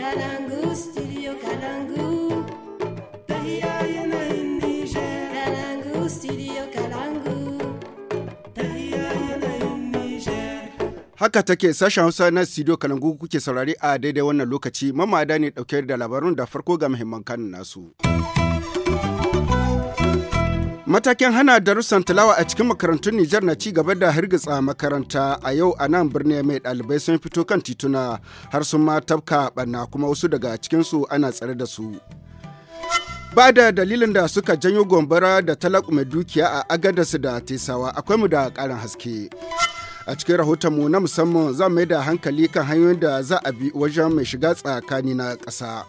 Kalangu, studio Kalangu. Tahia yanayin Niger. Kalangu, studio Kalangu. Tahia yanayin Niger. Haka take sashen Hausa na studio Kalangu kuke saurari a daidai wannan lokaci mamada ne dauke da labarun da farko ga muhimman nasu. Matakin hana darussan talawa a cikin makarantun Nijar na ci gaba da hirgitsa makaranta a yau a nan birni mai ɗalibai sun fito kan tituna har sun ma tafka ɓanna kuma wasu daga cikinsu ana tsare da su. Ba da dalilin da suka janyo gombara da talak mai dukiya a agadarsu da tesawa akwai mu da ƙarin haske. a cikin rahotonmu na musamman za mai da hankali kan hanyoyin da za a bi wajen mai shiga tsakani na ƙasa.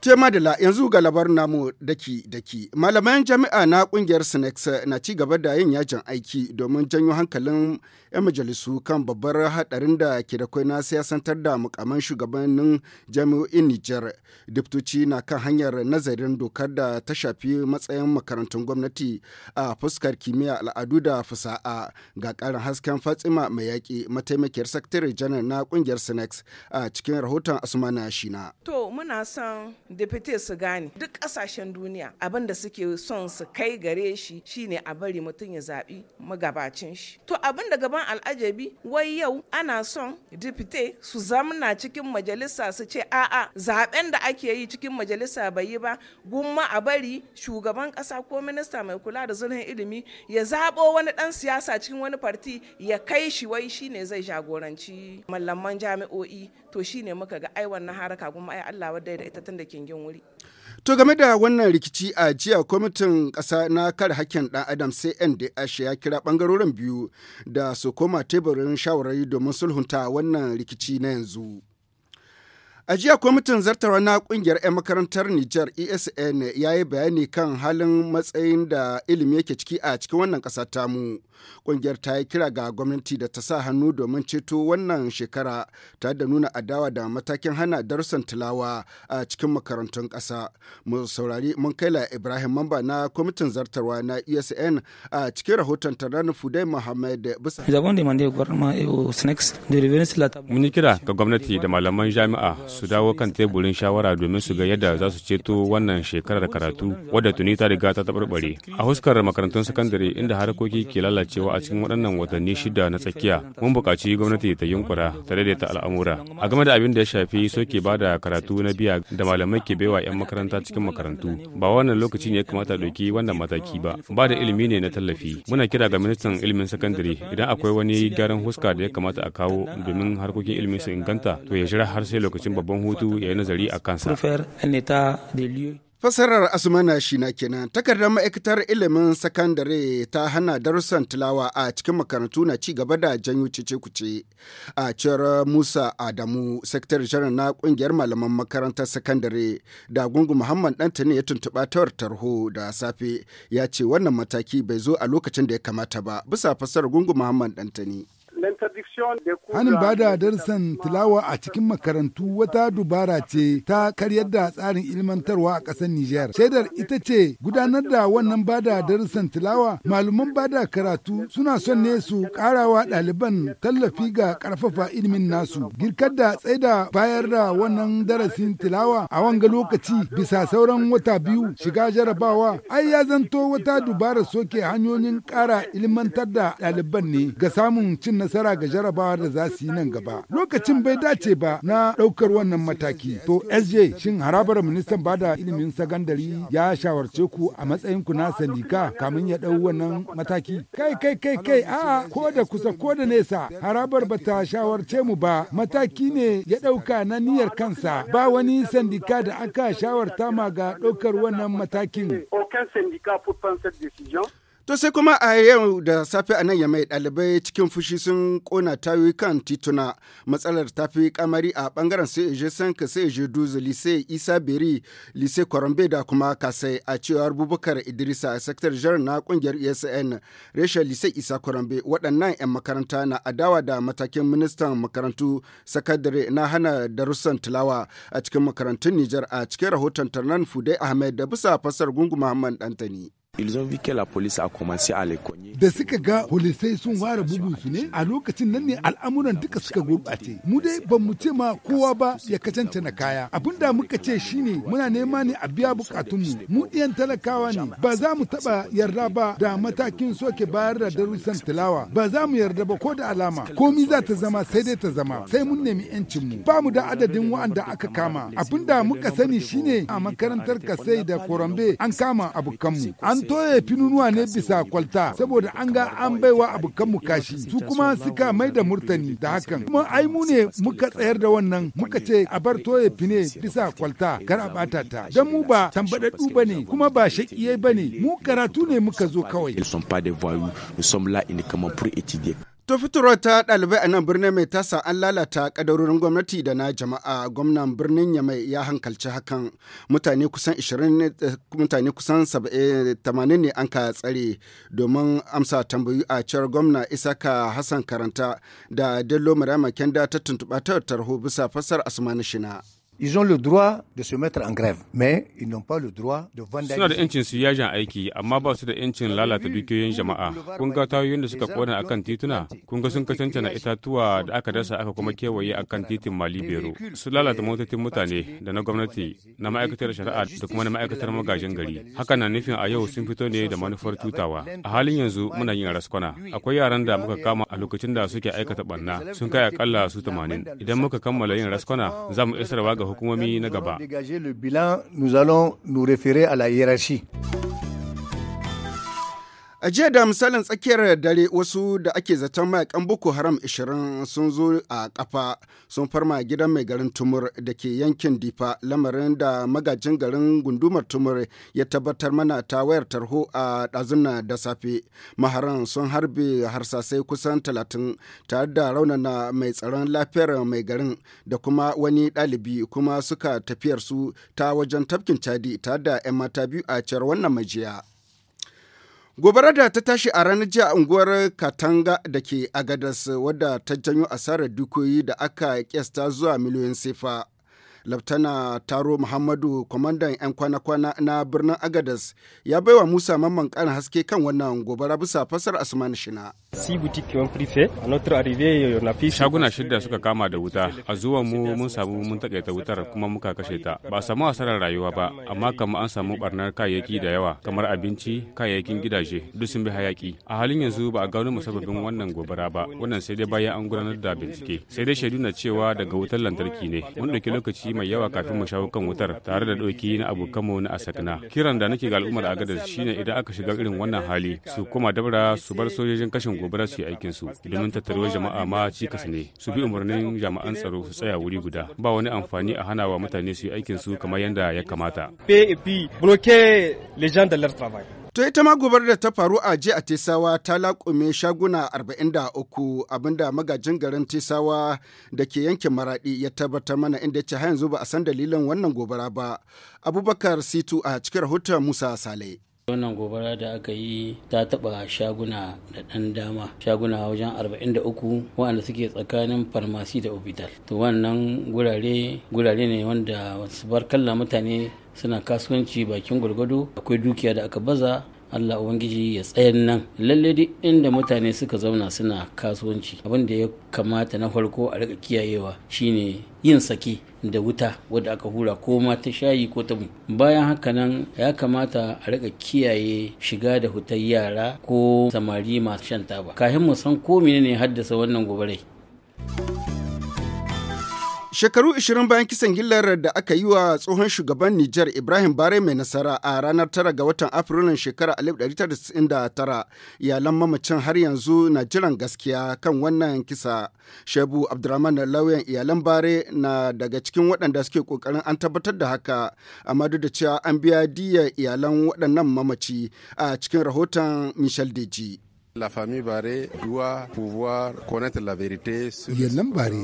Te Madala yanzu ga labar namu daki daki. Malaman jami'a na kungiyar Sinex na ci gaba da yin yajin aiki domin janyo hankalin 'yan majalisu kan babbar hadarin da ke da kai na siyasantar da mukamman shugabannin jami'o'in Nijar. Diptoci na kan hanyar nazarin dokar da ta shafi matsayin makarantun gwamnati a fuskar kimiyya al'adu da fasa'a ga karin hasken Fatsima mai yaki mataimakiyar sakatare janar na kungiyar Sinex a cikin rahoton Asmana Shina. To muna san deputy su gane duk kasashen duniya abin da suke son su kai gare shi shine a bari mutum ya zaɓi magabacin shi to abin da gaban al'ajabi wai yau ana son deputy su zamna cikin majalisa su ce a'a zaben da ake yi cikin majalisa bai yi ba gumma a bari shugaban kasa ko minista mai kula da zurfin ilimi ya zabo wani dan siyasa cikin wani farti ya kai shi wai shine zai jagoranci mallaman jami'o'i to shi ne muka ga ai wannan haraka kuma ai Allah wadda da ita tun kingin wuri To game da wannan rikici a jiya kwamitin ƙasa na kar hakkin ɗan adam sai NDH ya kira ɓangarorin biyu da su koma teburin shawarari domin sulhunta wannan rikici na yanzu. A jiya kwamitin zartarwa na kungiyar 'yan makarantar Nijar ESN ya yi bayani kan halin matsayin da ilimi yake ciki a cikin wannan ƙasa tamu. Kungiyar ta yi kira ga gwamnati da ta sa hannu domin ceto wannan shekara ta da nuna adawa da matakin hana darussan tilawa a cikin makarantun ƙasa. Mu saurari mun kaila Ibrahim Mamba na kwamitin zartarwa na ESN a cikin rahoton Tarani Fudai Muhammad Bisa. E mun kira ga gwamnati da malaman jami'a su dawo kan teburin shawara domin su ga yadda za su ceto wannan shekarar karatu wadda tuni ta riga ta tabarbare a huskar makarantun sakandare inda harkoki ke lalacewa a cikin waɗannan watanni shida na tsakiya mun buƙaci gwamnati ta yunkura ta daidaita al'amura a game da abin da ya shafi soke ba da karatu na biya da malamai ke baiwa 'yan makaranta cikin makarantu ba wannan lokaci ne ya kamata ɗauki wannan mataki ba ba da ilimi ne na tallafi muna kira ga ministan ilimin sakandare idan akwai wani gyaran huska da ya kamata a kawo domin harkokin ilimin su inganta to ya jira har sai lokacin babban babban hutu ya yi nazari a kansa. Fasarar Asmana Shina kenan takardar ma'aikatar ilimin sakandare ta hana darussan tilawa a cikin makarantu na ci gaba da janyo cece-kuce a cewar Musa Adamu, sektar janar na kungiyar malaman makarantar sakandare da gungu Muhammad Dantani ya tuntuɓa tawar tarho da safe ya ce wannan mataki bai zo a lokacin da ya kamata ba bisa fasarar gungu Muhammad Dantani. Hanin ba da darussan tilawa a cikin makarantu wata dubara ce ta karyar da tsarin ilmantarwa a ƙasar Nijar. Shaidar ita ce gudanar da wannan ba da darussan tilawa malaman ba da karatu suna son ne su ƙarawa ɗaliban tallafi ga karfafa ilimin nasu. Girkar da tsaida bayar da wannan darasin tilawa a wanga lokaci bisa sauran wata biyu shiga jarabawa ai ya zanto wata dubara soke hanyoyin ƙara ilmantar da ɗaliban ne ga samun cin nasara ga jarabawa da za su yi nan gaba. Lokacin bai dace ba na ɗaukar wannan mataki. To SJ shin harabar ministan bada ilimin sagandari ya shawarce ku a matsayin ku na sandika kamin ya dau wannan mataki? Kai kai kai kai a'a ko da kusa ko da nesa harabar ba ta shawarce mu ba mataki ne ya dauka na niyyar kansa ba wani sandika da aka shawarta ma ga ɗaukar wannan matakin. To sai kuma a yau da safe a nan ya mai ɗalibai cikin fushi sun kona tayoyi kan tituna matsalar tafi kamari a bangaren sai eje sanka sai eje duzu lise isa beri lise kwarambe da kuma kasai a cewar bubakar idrisa a sektar jar na kungiyar esn reshen lise isa kwarambe waɗannan 'yan makaranta na adawa da matakin ministan makarantu sakadare na hana darussan tilawa a cikin makarantun nijar a cikin rahoton tarnan fudai ahmed da bisa fasar gungu muhammad dantani. Da suka ga polisai sun fara bugun su ne a lokacin nan ne al'amuran duka suka gurɓace. Mu dai ban mu ce ma kowa ba ya kacanta na kaya. Abin da muka ce shine muna nema ne a biya bukatun Mu ɗiyan talakawa ne ba za mu taɓa yarda ba da matakin soke bayar da darussan tilawa ba za mu yarda ba ko da alama komi za ta zama sai dai ta zama sai mun nemi mu. ba mu da adadin wa'anda aka kama abin da muka sani shine a makarantar kasai da korambe an kama abokanmu an toye finunuwa ne bisa kwalta saboda an ga an baiwa abokan mu kashi su kuma suka mai da murtani da hakan kuma ai mu ne muka tsayar da wannan muka ce a bar toye fine bisa kwalta kar a bata ta dan mu ba tambadaddu bane kuma ba shakiyai bane mu karatu ne muka zo kawai ils sont pas des voyous nous sommes là uniquement pour étudier To fitowar ta ɗalibai a nan birnin mai tasa an lalata kadarorin gwamnati da na jama'a gwamnan birnin ya mai ya hankalci hakan mutane kusan 20 eh, mutane kusan 80 ne an ka tsare domin amsa tambayi a cewar gwamna Isaka Hassan Karanta da Dello Marama Kenda ta tuntuɓa ta tarho bisa fasar Asmanu Shina. Ils ont le droit de se mettre en grève, mais ils n'ont pas le droit de vandaliser. Suna da ‘yancin su yajin aiki, amma ba su da ‘yancin lalata dukiyoyin jama'a. Kun ga tayoyin da suka kona a kan tituna, kun ga sun kasance na itatuwa da aka dasa aka kuma kewaye a kan titin Mali Bero. Su lalata motocin mutane da na gwamnati, na ma'aikatar shari'a da kuma na ma'aikatar magajin gari. Haka na nufin a yau sun fito ne da manufar tutawa. A halin yanzu muna yin raskwana. Akwai yaran da muka kama a lokacin da suke aikata ɓanna sun kai akalla su 80. Idan muka kammala yin raskwana, za mu isarwa ga Dégager le bilan, nous allons nous référer à la hiérarchie. A jiya da misalin tsakiyar dare wasu da ake zaton mayakan Boko Haram 20 sun zo a kafa sun farma gidan mai garin Tumur da ke yankin Difa lamarin da magajin garin gundumar Tumur ya tabbatar mana ta wayar tarho a ɗazuna da safe. Maharan sun harbe harsasai kusan 30 tare da raunana mai tsaron lafiyar mai garin da kuma wani ɗalibi kuma suka tafiyar su ta wajen tafkin cadi tare da 'yan mata biyu a ciyar wannan majiya. Gobarar da ta tashi a ranar jiya unguwar Katanga da ke Agadas wadda ta janyo asarar dukoyi da aka kyasta zuwa miliyoyin sifa Laftana Taro Muhammadu kwamandan 'yan kwana-kwana na birnin Agadas ya baiwa Musa Mamman ƙarin haske kan wannan gobara bisa fasar Asman Shina. Shaguna shida suka kama da wuta, a zuwan mu mun samu mun takaita wutar kuma muka kashe ta. Ba a samu asarar rayuwa ba, amma kama an samu barnar kayayyaki da yawa kamar abinci, kayayyakin gidaje, duk sun bi hayaki. A halin yanzu ba a gano sababin wannan gobara ba, wannan sai dai bayan an gudanar da bincike. Sai dai shaidu na cewa daga wutar lantarki ne. Mun ɗauki lokaci lokaci mai yawa kafin mu shawo kan wutar tare da ɗauki na abokanmu na asakna kiran da nake ga al'ummar gadar shine idan aka shiga irin wannan hali su koma dabara su bar sojojin kashin gobara su yi aikin su domin tattaruwar jama'a ma cikas ne su bi umarnin jama'an tsaro su tsaya wuri guda ba wani amfani a hana wa mutane su yi aikin su kamar yadda ya kamata. To ita ma gobar da ta faru a jiya a Tesawa ta laƙume shaguna 43 abinda magajin garin Tesawa da ke yankin Maraɗi ya tabbatar mana inda ce har yanzu ba a san dalilin wannan gobara ba. Abubakar Situ a cikin rahoton Musa Sale. wannan gobara da aka yi ta taba shaguna da dan dama shaguna wajen 43 waɗanda suke tsakanin farmasi da obital to wannan gurare gurare ne wanda su bar kalla mutane suna kasuwanci bakin gwargwado akwai dukiya da aka baza Allah Ubangiji ya tsayar nan lalle duk inda mutane suka zauna suna kasuwanci abin da ya kamata na farko a rika kiyayewa shine yin saki da wuta wadda aka hura ko ma ta shayi ko ta bayan haka nan ya kamata a rika kiyaye shiga da hutar yara ko samari masu shan taba kafin mu san ko menene haddasa wannan gobarai Shekaru 20 bayan kisan gillar da aka yi wa tsohon shugaban Nijar Ibrahim Bare mai nasara a ranar 9 ga watan Afrilun shekara 1999 iyalan mamacin har yanzu na jiran gaskiya kan wannan kisa. Shebu Abdurrahman lauyan iyalan Bare na daga cikin waɗanda suke ƙoƙarin an tabbatar da haka, amma duk da cewa an biya diya iyalan waɗannan mamaci a cikin rahoton Michel Deji. La famille Bare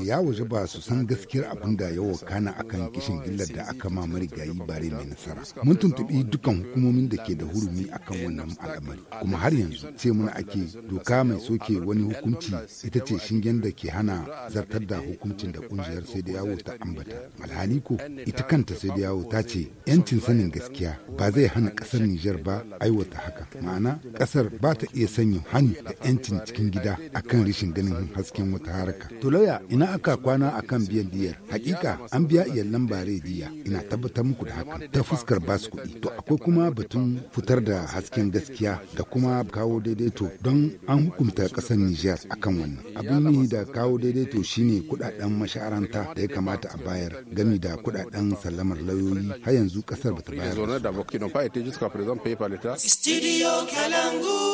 ya waje ba su san gaskiyar abin da ya wakana akan kishin gillar da aka ma marigayi Bare mai nasara. Mun tuntubi dukan hukumomin da ke da hurumi akan wannan al'amari. Kuma har yanzu ce muna ake doka mai soke wani hukunci ita ce shingen da ke hana zartar da hukuncin da kungiyar sai da yawo ta ambata. Alhali ko ita kanta sai da yawo ta ce 'yancin sanin gaskiya ba zai hana ƙasar Nijar ba aiwata haka. Ma'ana ƙasar ba ta iya sanya imani da 'yancin cikin gida akan rashin ganin hasken wata haraka. To lauya ina aka kwana akan biyan diyar. Hakika an biya iyalan bare diya ina tabbatar muku da hakan ta fuskar basu kuɗi. To akwai kuma batun fitar da hasken gaskiya da kuma kawo daidaito don an hukunta ƙasar Nijar akan wannan. Abin nihi da kawo daidaito shine kuɗaɗen masharanta da ya kamata a bayar gami da kuɗaɗen sallamar lauyoyi har yanzu ƙasar bata bayar. Studio Kalangu.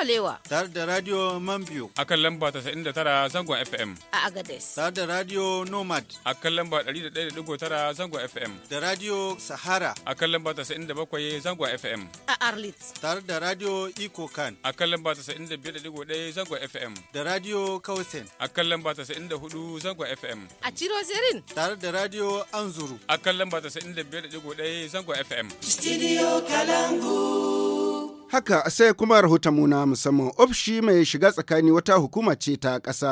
Kwalewa. Tare da Radio Mambiyo. A kan lamba 99 zangon FM. A Agades. Tare da Radio Nomad. A kan lamba 101.9 zangon FM. Da Radio Sahara. A kan lamba 97 zangon FM. A Arlit. Tare da Radio Iko Kan. A kan lamba 95.1 zangon FM. Da Radio Kausen. A kan lamba 94 zangon FM. A Ciro Zerin. Tare da Radio Anzuru. A kan lamba 95.1 zangon FM. Studio Kalangu. Haka sai kuma rahoton muna musamman ofishi mai shiga tsakani wata hukuma ce ta kasa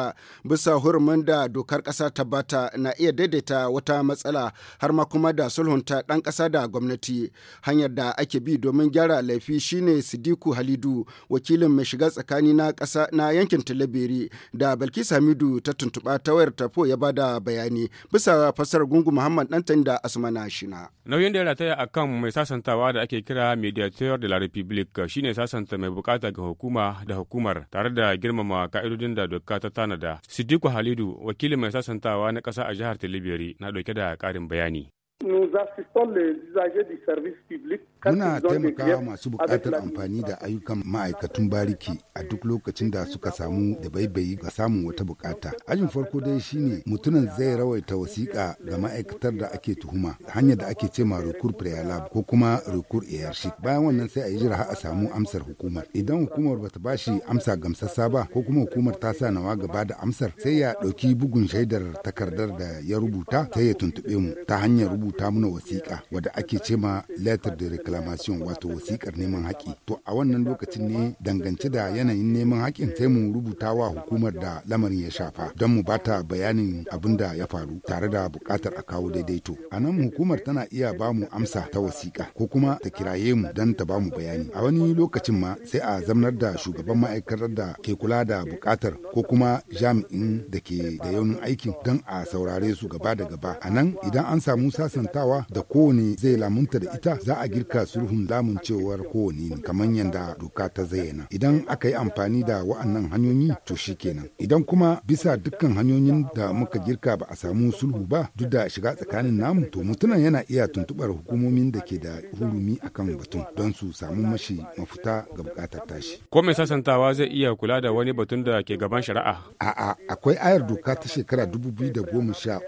bisa hurumin da dokar ƙasa ta bata na iya daidaita wata matsala har ma kuma da sulhunta ɗan ƙasa da gwamnati. Hanyar da ake bi domin gyara laifi shine Sidiku Halidu wakilin mai shiga tsakani na ƙasa na yankin talabiri da Balkis Hamidu ta tuntuɓa ta wayar tafo ya bada bayani bisa fasar gungu Muhammad Dantan da Asmana Shina. Nauyin da ya rataya akan mai sasantawa da ake kira Mediateur de la République shine sasanta mai bukata ga hukuma da hukumar tare da girmama ka'idodin da doka ta tanada. Sidiku Halidu wakilin mai sasantawa na ƙasa a jihar Tilibiri na ɗauke da ƙarin bayani. nous assistons les usagers du service public. Muna taimakawa masu bukatar amfani da ayyukan ma'aikatun bariki a duk lokacin da suka samu da baibayi ga samun wata bukata. Ajin farko dai shine mutumin zai rawaita wasiƙa ga ma'aikatar da ake tuhuma hanyar da ake cema rukur prealab ko kuma rukur airship. Bayan wannan sai a yi jira a samu amsar hukumar. Idan hukumar bata bashi amsa gamsassa ba ko kuma hukumar ta sa nawa gaba da amsar sai ya ɗauki bugun shaidar takardar da ya rubuta sai ya tuntuɓe mu ta hanyar rubuta rubuta mana wasiƙa wadda ake ce ma letter de reclamation wato wasiƙar neman haƙi. To a wannan lokacin ne dangance da yanayin neman haƙin sai mu rubuta wa hukumar da lamarin ya shafa don mu bata bayanin abin da ya faru tare da buƙatar a kawo daidaito. A nan hukumar tana iya ba mu amsa ta wasiƙa ko kuma ta kiraye mu don ta ba mu bayani. A wani lokacin ma sai a zamnar da shugaban ma'aikatar da ke kula da buƙatar ko kuma jami'in da ke da yaunin aikin don a saurare su gaba da gaba. A nan idan an samu sasa sasantawa da kowane zai lamunta da ita za a girka sulhun lamuncewar kowane kamar yadda doka ta zayyana idan aka yi amfani da wa'annan hanyoyi to kenan idan kuma bisa dukkan hanyoyin da muka girka ba a samu sulhu ba duk da shiga tsakanin namu to mutumin yana iya tuntubar hukumomin da ke da hurumi akan batun don su samu mashi mafuta ga bukatar tashi ko mai sasantawa zai iya kula da wani batun da ke gaban shari'a a'a akwai ayar doka ta shekara dubu 2013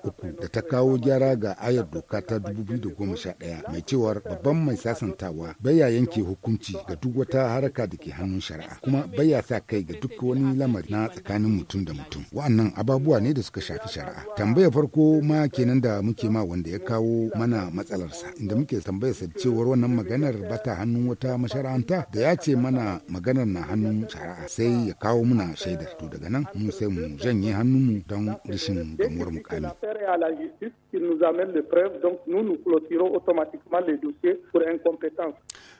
da ta kawo gyara ga ayar doka ta 2011 mai cewar babban mai sasantawa baya yanke hukunci ga duk wata haraka da ke hannun shari'a kuma baya sa kai ga duk wani lamari na tsakanin mutum da mutum wa'annan ababuwa ne da suka shafi shari'a tambayar farko ma kenan da muke ma wanda ya kawo mana matsalarsa inda muke tambayar sa cewar wannan maganar bata hannun wata mashara'anta da ya ce mana maganar na hannun shari'a sai ya kawo muna shaidar to daga nan mu sai mu janye hannunmu don rishin gamuwar mukami à la justice qu'ils nous amène les preuves. Donc nous, nous clôturons automatiquement les dossiers pour incompétence.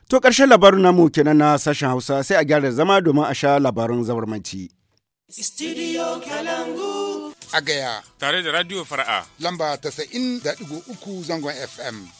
To ƙarshen labarin namu kenan na sashen Hausa sai a gyara zama domin a sha labarin zabarmanci. Studio Kalangu. A gaya. Tare da Radio Fara'a. Lamba 90.3 zangon FM.